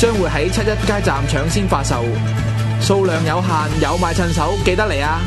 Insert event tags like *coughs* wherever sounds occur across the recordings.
將會喺七一街站搶先發售，數量有限，有買趁手，記得嚟啊！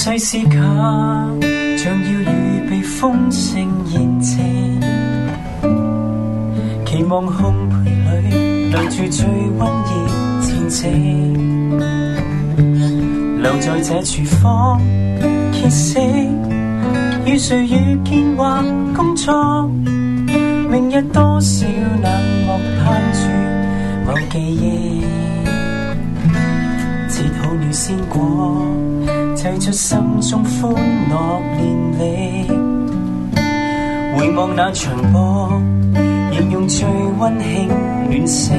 世事卻，像要預備豐盛宴席，期望烘焙裏留住最溫熱前夕。留在這廚房歇息，與誰遇見或工作？明日多少冷漠攀住我盼記憶，切好了鮮果。吹着心中歡樂漣漪，回望那場波，形容最溫馨暖聲。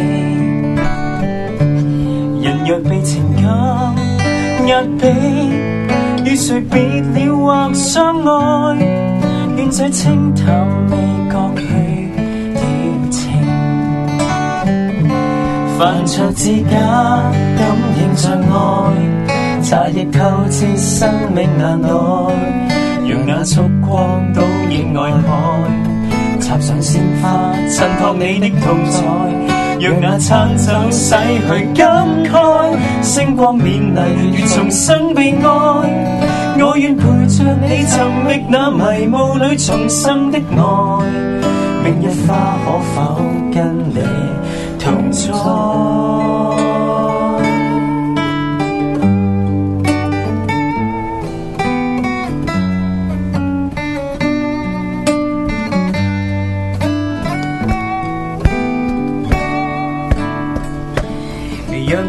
人若被情感壓迫，與誰別了或相愛，願水清淡未覺去掉情。凡塵之間感應着愛。茶亦透支，生命難耐。讓那束光倒映外海。插上鮮花，襯托你的痛楚。讓那餐酒洗去感慨。星光勉勵，願重生被愛。我願陪着你尋覓那迷霧裏重生的愛。明日花可否跟你同在？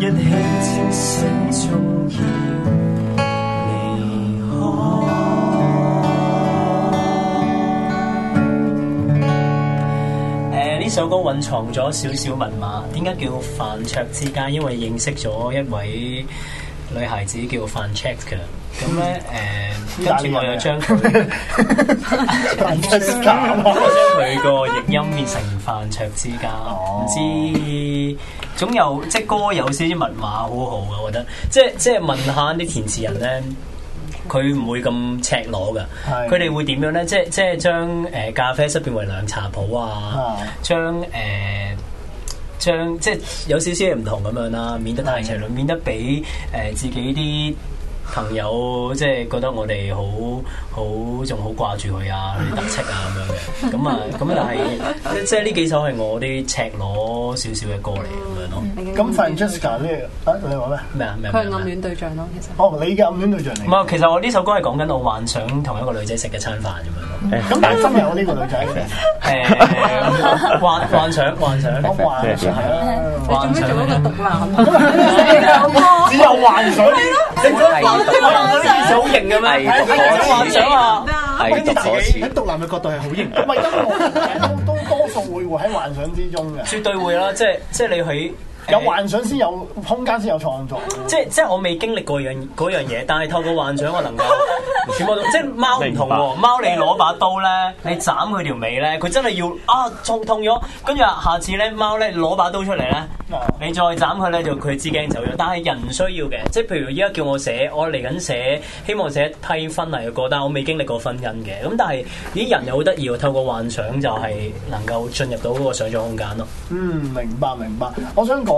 一起輕聲頌念離開。誒呢、uh, 首歌隱藏咗少少密碼，點解叫飯桌之間？因為認識咗一位女孩子叫范 Check 嘅，咁咧誒，跟住我有將佢個譯音變成飯桌之間，唔知。總有即歌有少少密碼，好好啊，我覺得即即問下啲填詞人咧，佢唔會咁赤裸噶，佢哋是的 會點樣咧？即即將誒咖啡室變為涼茶鋪啊，是的 將誒、呃、將即有少少唔同咁樣啦，免得太赤裸，是的 免得俾誒自己啲。朋友即係覺得我哋好好仲好掛住佢啊，佢特斥啊咁樣嘅，咁啊咁啊，但係即係呢幾首係我啲赤裸少少嘅歌嚟咁樣咯。咁《Faint Chaser》咧，啊、這個哎、你話咩？咩啊？咩？佢係暗戀對象咯，其實。哦，你嘅暗戀對象嚟。唔係， *music* 其實我呢首歌係講緊我幻想同一個女仔食嘅餐飯咁樣咯。咁但係今日我呢個女仔嚟。誒、嗯，幻幻想幻想，我幻想係啦。啊、你做咩做咗個毒男啊？只有幻想。 *music* *music* 唔係，你以前好型嘅咩？喺幻想啊說，係自己喺毒男嘅角度係好型， *laughs* 因為都，都多數會喺幻想之中嘅，絕對會啦，即係即係你喺。欸、有幻想先有空間，先有創作。即係即係我未經歷過樣嗰樣嘢，但係透過幻想，我能夠揣摩 *laughs* 即係貓唔同喎，白貓你攞把刀咧，你斬佢條尾咧，佢真係要啊痛痛咗。跟住下次咧，貓咧攞把刀出嚟咧，啊、你再斬佢咧，就佢知驚走咗。但係人唔需要嘅，即係譬如依家叫我寫，我嚟緊寫希望寫批婚禮嘅歌，但我未經歷過婚姻嘅。咁但係呢啲人又好得意喎，透過幻想就係能夠進入到嗰個想象空間咯。嗯，明白明白。我想講。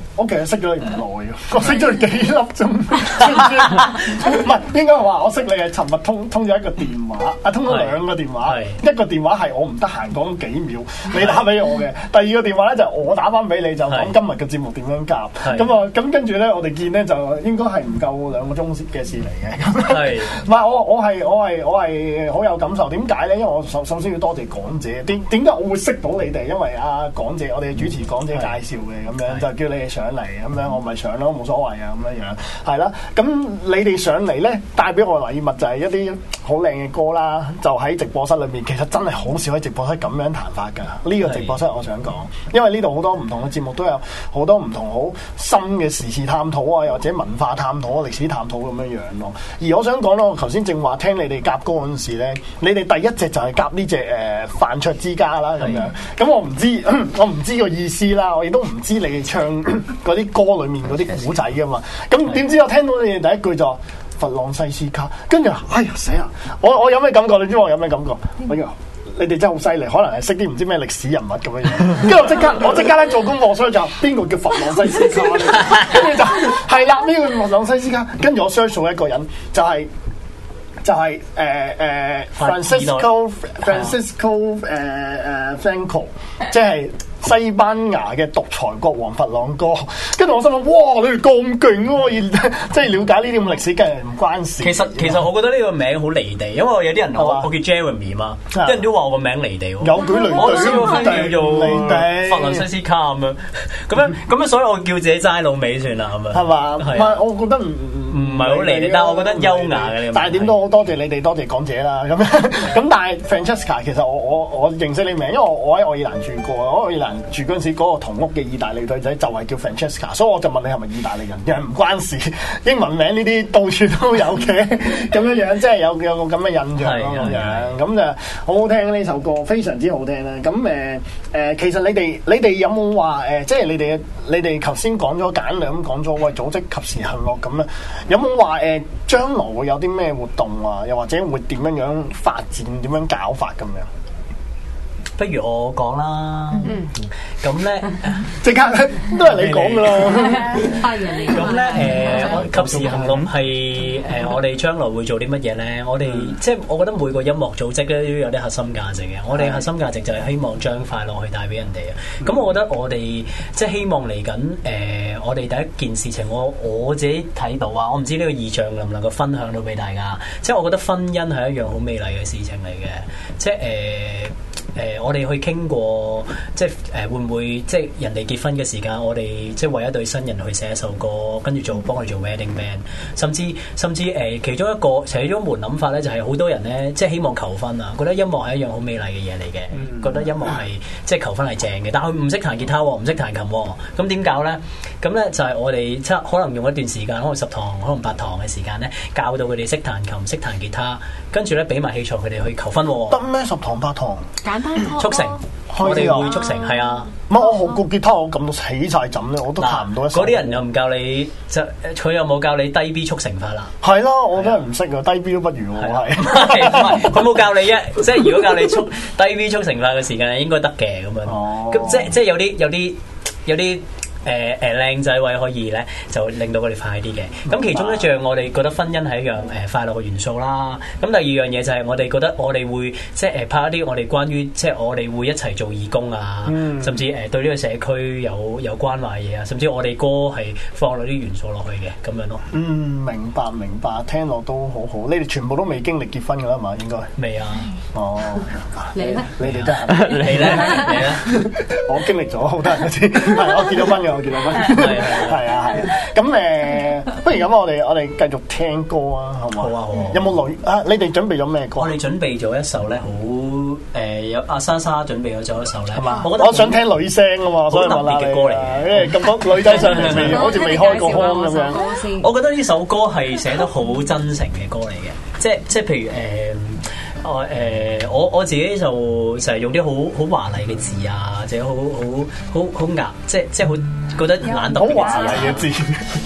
Okay, 嗯、我其實識咗你唔耐，我識咗你幾粒鐘，唔係 *laughs* *laughs* 應該話我識你係尋日通通咗一個電話，啊通咗兩個電話，一個電話係我唔得閒講幾秒，你打俾我嘅；是第二個電話咧就是、我打翻俾你，就講今日嘅節目點樣夾。咁啊，咁跟住咧，我哋見咧就應該係唔夠兩個鐘嘅事嚟嘅。係，唔係是 *laughs* 我我係我係我係好有感受。點解咧？因為我首首先要多謝港姐。點點解我會識到你哋？因為啊港姐，我哋主持港姐介紹嘅咁是是樣，就叫你上嚟咁樣，我咪上咯，冇所謂啊，咁樣樣，係啦。咁你哋上嚟呢，帶俾我嘅禮物就係一啲好靚嘅歌啦。就喺直播室裏面，其實真係好少喺直播室咁樣彈法㗎。呢個直播室我想講，因為呢度好多唔同嘅節目都有好多唔同好深嘅時事探討啊，又或者文化探討、歷史探討咁樣樣咯。而我想講咯，我頭先正話聽你哋夾歌嗰陣時咧，你哋第一隻就係夾呢隻誒《飯桌之家》啦，咁樣。咁我唔知，我唔知個意思啦，我亦都唔知你哋唱。 *coughs* 嗰啲歌裏面嗰啲古仔噶嘛，咁點知我聽到你第一句就佛朗西斯卡，跟住哎呀死啊！我我有咩感覺你知我有咩感覺？你哋真係好犀利，可能係識啲唔知咩歷史人物咁嘅嘢。跟住我即刻，我即刻咧做功課所以就 search 邊個叫佛朗西斯卡？跟住 *laughs* *laughs* 就係啦，呢個佛朗西斯卡，跟住我相信一個人，就係、係、就係誒誒 Francisco Francisco 誒誒 Franco，即係。西班牙嘅獨裁國王佛朗哥，跟住我心諗哇，你哋咁勁咯！而即係了解呢啲咁歷史，梗係唔關事。其實其實我覺得呢個名好離地，因為有啲人我叫 Jeremy 嘛，啲人都話我個名離地。有舉例子先叫做法蘭西斯卡咁樣咁樣咁樣，所以我叫自己齋老尾算啦，係咪？係嘛？係啊，我覺得唔唔係好離地，但係我覺得優雅嘅。但係點都好多謝你哋，多謝講者啦。咁樣咁，但係 Francesca 其實我我我認識你名，因為我喺愛爾蘭住過，住嗰陣時，嗰個同屋嘅意大利女仔就係叫 Francesca，所以我就問你係咪意大利人，又係唔關事，英文名呢啲到處都有嘅，咁 *laughs* 樣即有有樣即係有有個咁嘅印象咁 *laughs* 樣，咁就好好聽呢首歌，非常之好聽啦。咁誒誒，其實你哋你哋有冇話誒，即係你哋你哋頭先講咗簡略咁講咗，喂，組織及時行樂咁啦，有冇話誒將來會有啲咩活動啊？又或者會點樣樣發展？點樣搞法咁樣？不如我講啦，咁咧即刻都係你講噶啦。咁咧，誒，我及時行樂係誒，我哋將來會做啲乜嘢咧？我哋即係我覺得每個音樂組織咧都有啲核心價值嘅。我哋核心價值就係希望將快樂去帶俾人哋啊。咁我覺得我哋即係希望嚟緊，誒，我哋第一件事情，我我自己睇到啊，我唔知呢個意象能唔能夠分享到俾大家。即係我覺得婚姻係一樣好美麗嘅事情嚟嘅，即係誒。誒、呃，我哋去傾過，即係誒、呃、會唔會即係人哋結婚嘅時間，我哋即係為一對新人去寫一首歌，跟住做幫佢做 wedding band，甚至甚至誒、呃、其中一個其中一門諗法咧，就係、是、好多人咧即係希望求婚啊，覺得音樂係一樣好美麗嘅嘢嚟嘅，覺得音樂係即係求婚係正嘅，但係佢唔識彈吉他喎，唔識彈琴喎，咁點搞咧？咁咧就係我哋出可能用一段時間，可能十堂，可能八堂嘅時間咧，教到佢哋識彈琴、識彈吉他。跟住咧，俾埋器材佢哋去求婚喎。得咩？十堂八堂，簡單速成，我哋會速成，係啊。唔係我學過吉他，我撳到起晒枕咧，我都彈唔到。嗰啲人又唔教你，就佢又冇教你低 B 速成法啦。係咯，我真係唔識㗎，低 B 都不如喎，係。佢冇教你一，即係如果教你速低 B 速成法嘅時間，應該得嘅咁樣啊。咁即係即係有啲有啲有啲。誒誒靚仔位可以咧，就令到佢哋快啲嘅。咁其中一樣，我哋覺得婚姻係一樣誒快樂嘅元素啦。咁第二樣嘢就係我哋覺得我哋會即係誒拍一啲我哋關於即係我哋會一齊做義工啊，甚至誒對呢個社區有有關懷嘢啊，甚至我哋歌係放落啲元素落去嘅咁樣咯。嗯，明白明白，聽落都好好。你哋全部都未經歷結婚㗎嘛？應該未啊？哦，你咧？你哋都係你咧？你啊？我經歷咗好多陣先，我結咗婚㗎。我見到嗰啲係係啊係，咁誒，不如咁，我哋我哋繼續聽歌啊，好唔好？好啊好。有冇女啊？你哋準備咗咩歌？我哋準備咗一首咧，好誒，有阿莎莎準備咗一首咧，係嘛？我我想聽女聲啊嘛，所以特別嘅歌嚟，咁多女仔上嚟，好似未開過腔咁樣。我覺得呢首歌係寫得好真誠嘅歌嚟嘅，即即譬如誒。啊呃、我誒我我自己就成日用啲好好華麗嘅字啊，或者好好好好壓，即即好覺得懶特別。華麗嘅字，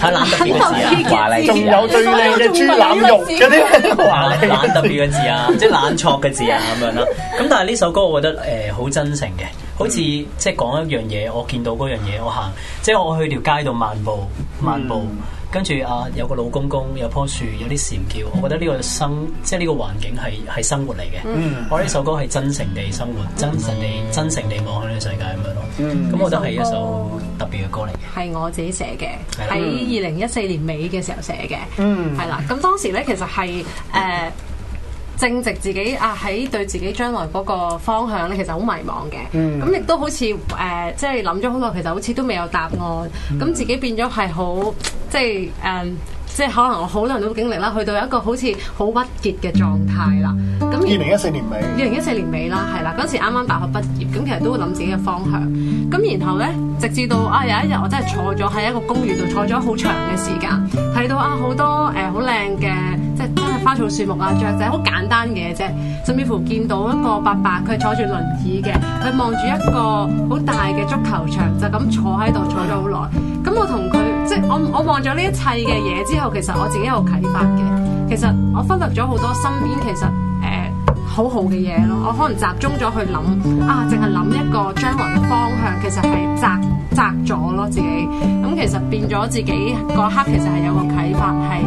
係懶特別嘅字啊，華麗。仲有最靚嘅豬腩肉嗰啲華麗懶特別嘅字啊，即，即懶錯嘅字啊咁樣啦、啊。咁但係呢首歌我覺得誒好、呃、真誠嘅，好似、嗯、即講一樣嘢，我見到嗰樣嘢，我行即我去條街度漫步漫步。嗯跟住啊，有個老公公，有棵樹，有啲蟬叫，嗯、我覺得呢個生，即係呢個環境係係生活嚟嘅。我呢、嗯、首歌係真誠地生活，真誠地、嗯、真誠地望向呢個世界咁樣咯。咁、嗯、我覺得係一首特別嘅歌嚟。係我自己寫嘅，喺二零一四年尾嘅時候寫嘅。係啦、嗯，咁當時咧其實係誒。呃正值自己啊喺對自己將來嗰個方向咧、嗯呃就是，其實好迷茫嘅。咁亦都好似誒，即係諗咗好耐，其實好似都未有答案。咁、嗯、自己變咗係好即係誒，即係、呃、可能我好多人都經歷啦，去到一個好似好鬱結嘅狀態啦。咁二零一四年尾，二零一四年尾啦，係啦，嗰時啱啱大學畢業，咁其實都會諗自己嘅方向。咁然後咧，直至到啊有一日，我真係坐咗喺一個公寓度坐咗好長嘅時間，睇到啊好多誒好靚嘅。呃呃真係花草樹木啊，雀仔好簡單嘅啫，甚至乎見到一個伯伯，佢坐住輪椅嘅，佢望住一個好大嘅足球場，就咁坐喺度坐咗好耐。咁我同佢即係我我望咗呢一切嘅嘢之後，其實我自己有啟發嘅。其實我忽略咗好多身邊其實好好嘅嘢咯，我可能集中咗去諗啊，淨係諗一個將來嘅方向，其實係窄窄咗咯自己。咁、嗯、其實變咗自己嗰刻，其實係有個啟發，係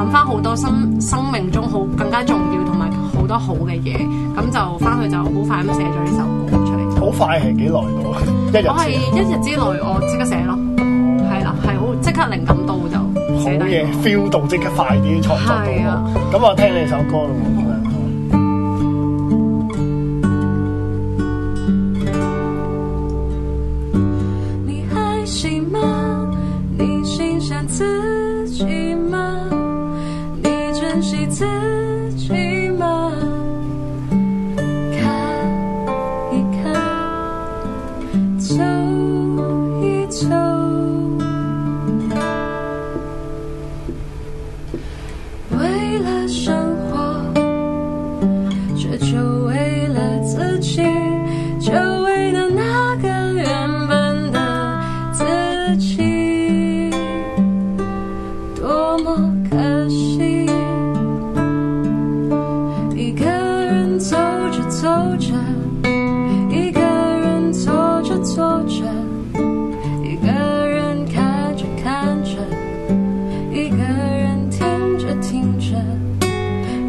諗翻好多生生命中好更加重要同埋好多好嘅嘢。咁、嗯、就翻去就好快咁寫咗呢首歌出嚟。好快係幾耐到？ *laughs* 一日前。我係一日之內， *laughs* 我即刻寫咯，係啦，係好即刻靈感到就。好嘢的，feel 到即刻快啲創作到。咁是、啊、我聽你首歌咯。嗯 *laughs*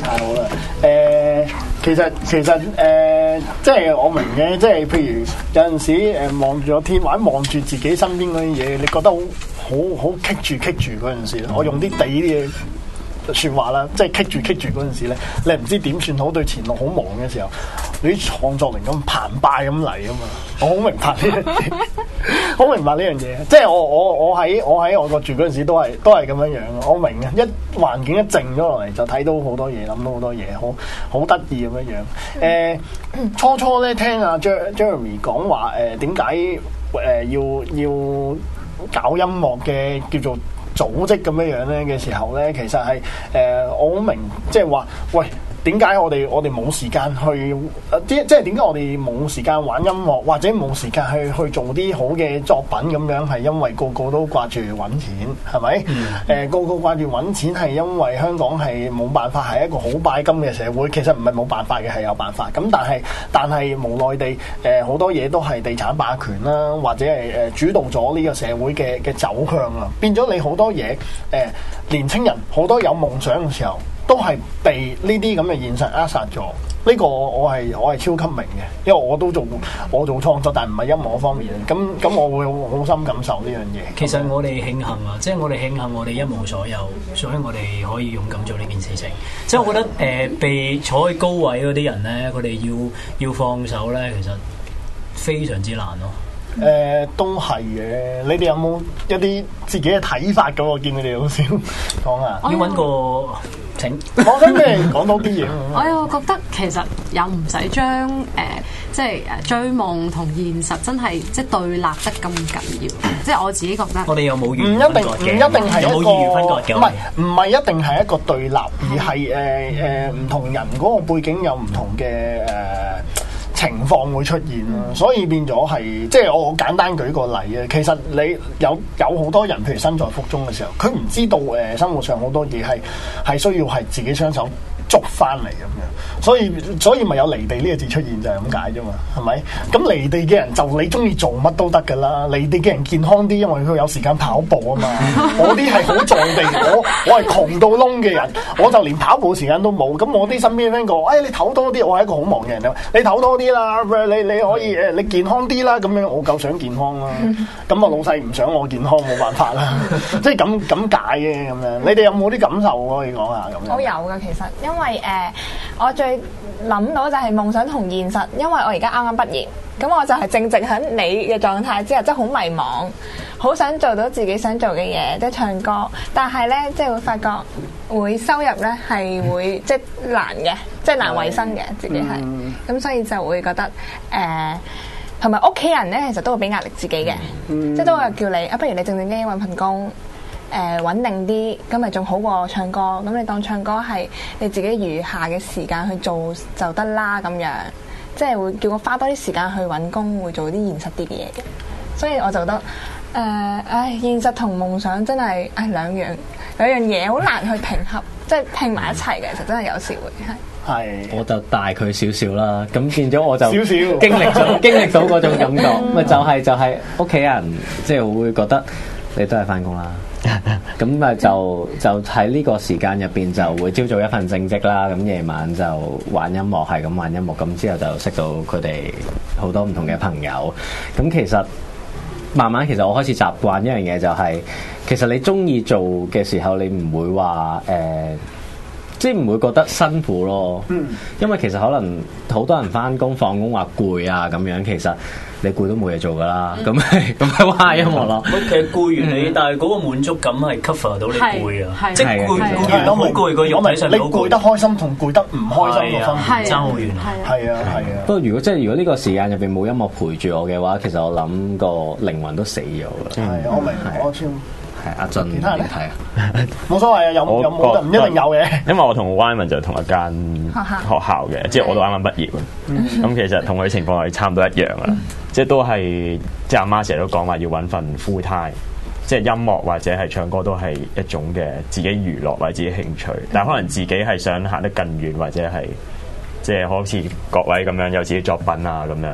太好啦！誒， *noise* 其實其實誒、呃，即係我明嘅，即係譬如有陣時誒，望住個天或者望住自己身邊嗰啲嘢，你覺得好好好棘住棘住嗰陣時，我用啲地啲嘢説話啦，即係棘住棘住嗰陣時咧，你唔知點算好？對前路好忙嘅時候。你創作靈感澎湃咁嚟啊嘛，我好明白 *laughs* *laughs* 好明白呢樣嘢。好明白呢樣嘢。即係我我我喺我喺外國住嗰陣時都，都係都係咁樣樣。我明嘅，一環境一靜咗落嚟，就睇到好多嘢，諗到好多嘢，好好得意咁樣樣。誒、嗯欸，初初咧聽阿 Jeremy 講話，誒、呃，點解誒要要搞音樂嘅叫做組織咁樣樣咧嘅時候咧，其實係誒、呃，我好明，即係話喂。點解我哋我哋冇時間去？呃、即即係點解我哋冇時間玩音樂，或者冇時間去去做啲好嘅作品咁樣？係因為個個都掛住揾錢，係咪？誒、嗯呃、個個掛住揾錢係因為香港係冇辦法係一個好拜金嘅社會。其實唔係冇辦法嘅，係有辦法。咁但係但係無奈地誒好、呃、多嘢都係地產霸權啦，或者係誒主導咗呢個社會嘅嘅走向啊，變咗你好多嘢誒、呃。年青人好多有夢想嘅時候，都係被呢啲咁嘅現實扼殺咗，呢個我係我係超級明嘅，因為我都做我做創作，但唔係音樂方面啊。咁咁我會好深感受呢樣嘢。其實我哋慶幸啊，即係我哋慶幸，我哋一無所有，所以我哋可以勇敢做呢件事情。即係我覺得誒，被坐喺高位嗰啲人咧，佢哋要要放手咧，其實非常之難咯。誒，都係嘅。你哋有冇一啲自己嘅睇法？我見你哋好少講啊。我要揾個請。我諗咩講多啲啊？我又覺得其實有唔使將誒，即係誒，追夢同現實真係即係對立得咁緊要。即係我自己覺得。我哋有冇完，唔一定，唔一定係一個唔係唔係一定係一個對立，而係誒誒，唔同人嗰個背景有唔同嘅誒。情況會出現，所以變咗係，即係我簡單舉個例啊。其實你有有好多人，譬如身在福中嘅時候，佢唔知道誒，生活上好多嘢係係需要係自己雙手。捉翻嚟咁樣，所以所以咪有離地呢個字出現就係咁解啫嘛，係咪？咁離地嘅人就你中意做乜都得噶啦，離地嘅人健康啲，因為佢有時間跑步啊嘛。 *laughs* 我啲係好在地，我我係窮到窿嘅人，我就連跑步時間都冇。咁我啲身邊 friend 講，哎，你唞多啲，我係一個好忙嘅人，你唞多啲啦，你你可以誒，你健康啲啦，咁樣我夠想健康啦、啊。咁啊老細唔想我健康，冇辦法啦，即係咁咁解嘅咁樣。樣你哋有冇啲感受可以講下咁？我有噶，其實因為誒、呃，我最諗到就係夢想同現實，因為我而家啱啱畢業，咁我就係正值喺你嘅狀態之下，即係好迷茫，好想做到自己想做嘅嘢，即係唱歌，但係咧即係會發覺會收入咧係會即係難嘅，即係難維生嘅，自己係，咁、嗯、所以就會覺得誒，同埋屋企人咧其實都會俾壓力自己嘅，即係都會叫你啊，不如你正正經經搵份工。誒穩定啲，咁咪仲好過唱歌。咁你當唱歌係你自己餘下嘅時間去做就得啦。咁樣即係會叫我花多啲時間去揾工，會做啲現實啲嘅嘢嘅。所以我就覺得誒，唉、呃哎，現實同夢想真係唉、哎、兩樣兩樣嘢好難去平衡， *laughs* 即係拼埋一齊嘅。其實真係有時會係。係，我就大佢少少啦。咁變咗我就 *laughs* 少少經歷咗經歷到嗰種感覺。咪 *laughs* *laughs* 就係、是、就係屋企人，即、就、係、是、會覺得你都係翻工啦。咁啊，就就喺呢個時間入邊，就會朝早一份正職啦。咁夜晚就玩音樂，係咁玩音樂。咁之後就識到佢哋好多唔同嘅朋友。咁其實慢慢，其實我開始習慣一樣嘢，就係其實你中意做嘅時候，你唔會話誒，即係唔會覺得辛苦咯。嗯，因為其實可能好多人翻工放工話攰啊，咁樣其實。你攰都冇嘢做噶啦，咁咪咁咪玩下音樂咯。喂，其實攰完你，但係嗰個滿足感係 cover 到你攰啊，即係攰攰完都好攰，個如果上去好攰。你攰得開心同攰得唔開心嘅分別爭好遠。係啊係啊。不過如果即係如果呢個時間入邊冇音樂陪住我嘅話，其實我諗個靈魂都死咗啦。係，我明我明。阿、啊、俊，其他人嚟睇啊，冇所謂啊， *laughs* 有有冇就唔一定有嘅。因為我同 Wyman 就同一間學校嘅， *laughs* 即係我都啱啱畢業咁 *laughs* 其實同佢情況係差唔多一樣啊， *laughs* 即係都係即係阿媽成日都講話要搵份 full time，即係音樂或者係唱歌都係一種嘅自己娛樂或者自己興趣， *laughs* 但係可能自己係想行得更遠或者係即係好似各位咁樣有自己作品啊咁樣。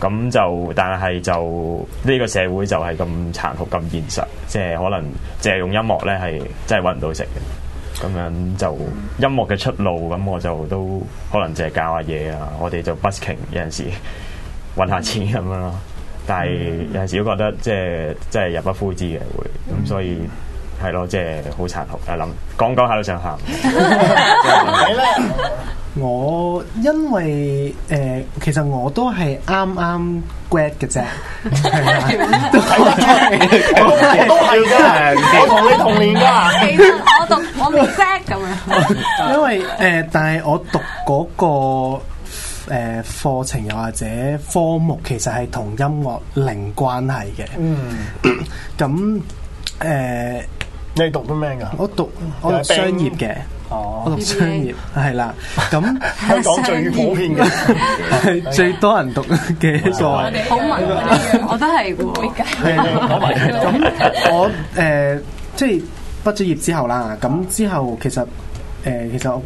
咁就，但係就呢個社會就係咁殘酷、咁現實，即係可能淨係用音樂咧，係真係揾唔到食嘅。咁樣就音樂嘅出路，咁我就都可能淨係教下嘢啊。我哋就 busking 有陣時揾下錢咁樣咯。但係有陣時都覺得即係即係入不敷支嘅會，咁所以係咯，即係好殘酷啊，諗講講下都想喊。 *laughs* *laughs* *laughs* 我因為誒、呃，其實我都係啱啱 grad 嘅啫，都係都係同你同年噶，呃、其實我讀我唔識咁樣。因為誒，但係我讀嗰個誒課程又或者科目，其實係同音樂零關係嘅。嗯，咁誒，你讀咗咩噶？我讀我讀商業嘅。哦，oh. 我讀商業係啦，咁香港最普遍嘅係最多人讀嘅一個，我覺得係會計。咁我誒即係畢咗業之後啦，咁之後其實誒其實。呃其實我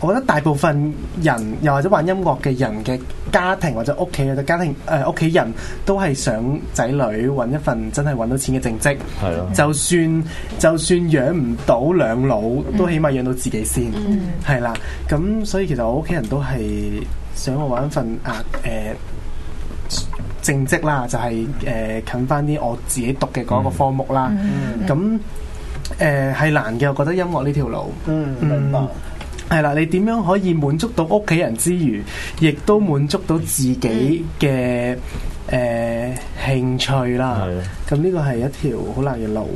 我覺得大部分人，又或者玩音樂嘅人嘅家庭或者屋企嘅家庭誒，屋企人都係想仔女搵一份真係搵到錢嘅正職，係啊，就算就算養唔到兩老，都起碼養到自己先，係啦，嗯。咁所以其實我屋企人都係想我搵一份啊誒、呃、正職啦，就係、是、誒、呃、近翻啲我自己讀嘅嗰個科目啦。咁誒係難嘅，我覺得音樂呢條路，嗯嗯嗯係啦，你點樣可以滿足到屋企人之餘，亦都滿足到自己嘅誒、呃、興趣啦？咁呢個係一條好難嘅路，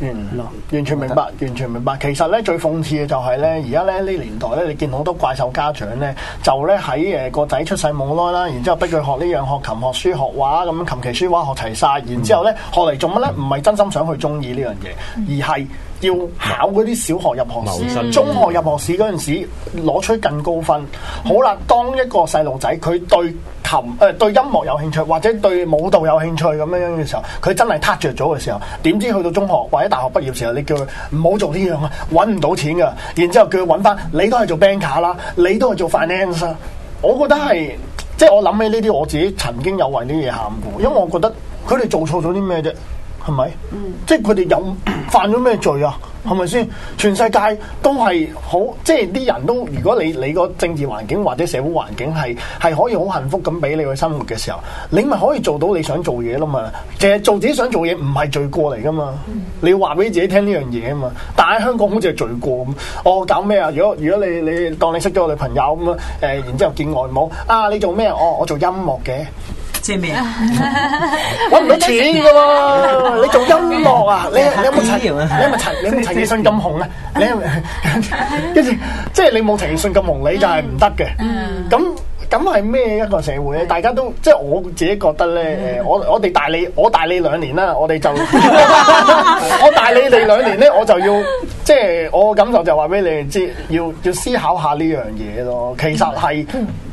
嗯，落路完全明白，得完全明白。其實呢，最諷刺嘅就係呢，而家呢呢年代呢，你見好多怪獸家長呢，就呢喺誒個仔出世冇耐啦，然之後逼佢學呢、這、樣、個、學琴學書學畫咁，琴棋書畫學齊晒。然之後呢，嗯、學嚟做乜呢？唔係、嗯、真心想去鍾意呢樣嘢，嗯、而係要考嗰啲小學入學試、嗯、中學入學試嗰陣時攞出更高分。好啦，當一個細路仔佢對琴誒、呃、對音樂有興趣，或者對舞蹈有興趣咁樣嘅時候，佢真係～撻着咗嘅時候，點知去到中學或者大學畢業時候，你叫佢唔好做呢樣啊，搵唔到錢噶。然之後叫佢搵翻，你都係做 bank 卡啦，你都係做 finance 啦。我覺得係，即係我諗起呢啲，我自己曾經有為呢啲嘢喊過。因為我覺得佢哋做錯咗啲咩啫，係咪？ *noise* 即係佢哋有犯咗咩罪啊？係咪先？全世界都係好，即係啲人都。如果你你個政治環境或者社會環境係係可以好幸福咁俾你去生活嘅時候，你咪可以做到你想做嘢咯嘛。淨係做自己想做嘢唔係罪過嚟噶嘛。你要話俾自己聽呢樣嘢啊嘛。但喺香港好似係罪過咁。我、哦、搞咩啊？如果如果你你當你識咗個女朋友咁啊，誒、呃、然之後見外母啊，你做咩？哦，我做音樂嘅。即係咩？搵唔到錢嘅你做音樂啊？你你有冇陳？你有冇陳？你有冇陳奕迅咁紅啊？你跟住，即係你冇陳奕迅咁紅，你就係唔得嘅。咁咁係咩一個社會咧？大家都即係我自己覺得咧，我我哋大你，我大你兩年啦。我哋就我大你哋兩年咧，我就要即係我嘅感受就話俾你知，要要思考下呢樣嘢咯。其實係。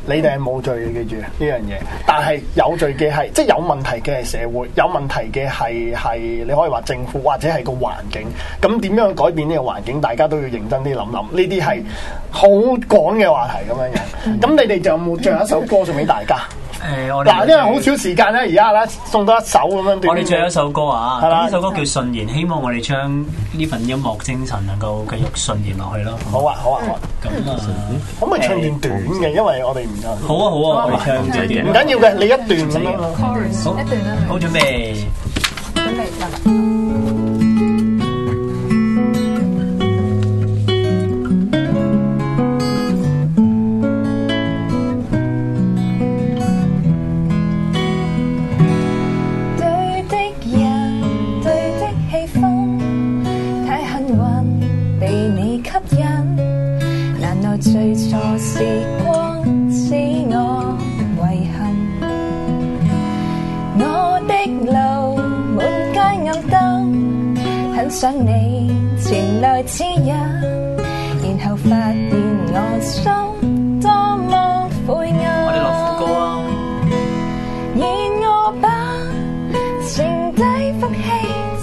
你哋係冇罪嘅，記住呢樣嘢。但係有罪嘅係，即係有問題嘅係社會，有問題嘅係係你可以話政府或者係個環境。咁點樣改變呢個環境？大家都要認真啲諗諗。呢啲係好講嘅話題咁樣嘅。咁你哋就有冇最後一首歌送俾大家？誒，我哋嗱，因為好少時間咧，而家咧送多一首咁樣。我哋最後一首歌啊，呢首歌叫《信然》，希望我哋將呢份音樂精神能夠繼續信然落去咯。好啊，好啊，好。咁啊，可唔可以唱段短嘅？因為我哋唔夠。好啊，好啊，唱唔緊要嘅，你一段一段。好，好準備。準備一下。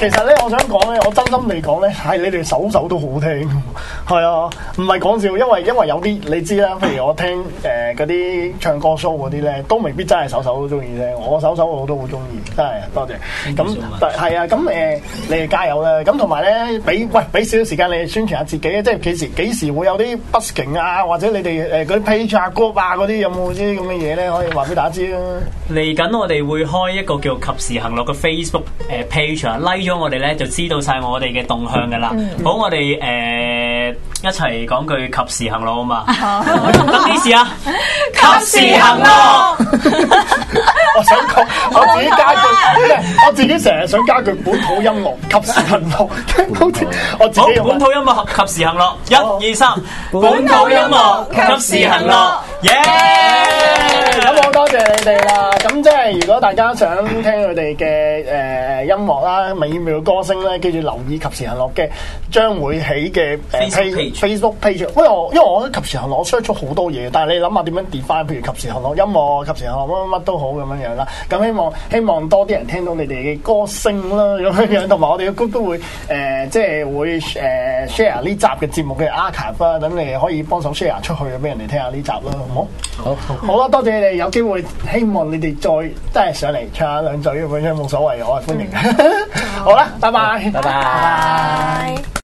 其實咧，我想講咧，我真心地講咧，係你哋首首都好聽，係啊，唔係講笑，因為因為有啲你知啦，譬如我聽誒嗰啲唱歌 show 嗰啲咧，都未必真係首首都中意聽，我首首都都好中意，真係多謝。咁係啊，咁誒、呃，你哋加油咧，咁同埋咧，俾喂俾少少時間你哋宣傳下自己即係幾時幾時會有啲 busking 啊，或者你哋誒嗰啲 page 啊歌啊嗰啲有冇啲咁嘅嘢咧？可以話俾大家知啊。嚟緊我哋會開一個叫及時行樂嘅 Facebook 誒 page 啊 like 咗我哋咧，就知道晒我哋嘅動向噶啦。好，我哋誒一齊講句及時行樂啊嘛。好，等啲 *laughs* 事啊，及時行樂。 *laughs* 我自己加句，我自己成日想加句本土音樂及時行樂。我自己好，我自己本土音樂及時行樂，一、哦、二、三，本土音樂及時行樂，耶！咁好，yeah! yeah! 多謝你哋啦。咁即係如果大家想聽佢哋嘅誒音樂啦、美妙歌聲咧，記住留意及時行樂嘅將會起嘅誒、呃、Facebook page。喂哦因為我覺得及時行樂 search 出好多嘢。但係你諗下點樣 define？譬如及時行樂音樂及時行樂乜乜乜都好咁樣樣啦。咁希望。希望多啲人聽到你哋嘅歌聲啦，咁樣樣，同埋我哋個 group 都都會誒、呃，即係會誒 share 呢集嘅節目嘅 archive 啦，等你哋可以幫手 share 出去俾人哋聽下呢集咯，好冇？好好啦，好好好多謝你哋，有機會希望你哋再真係上嚟唱下兩嘴，咁樣樣冇所謂，我係歡迎、嗯、好啦，拜拜、啊，拜拜。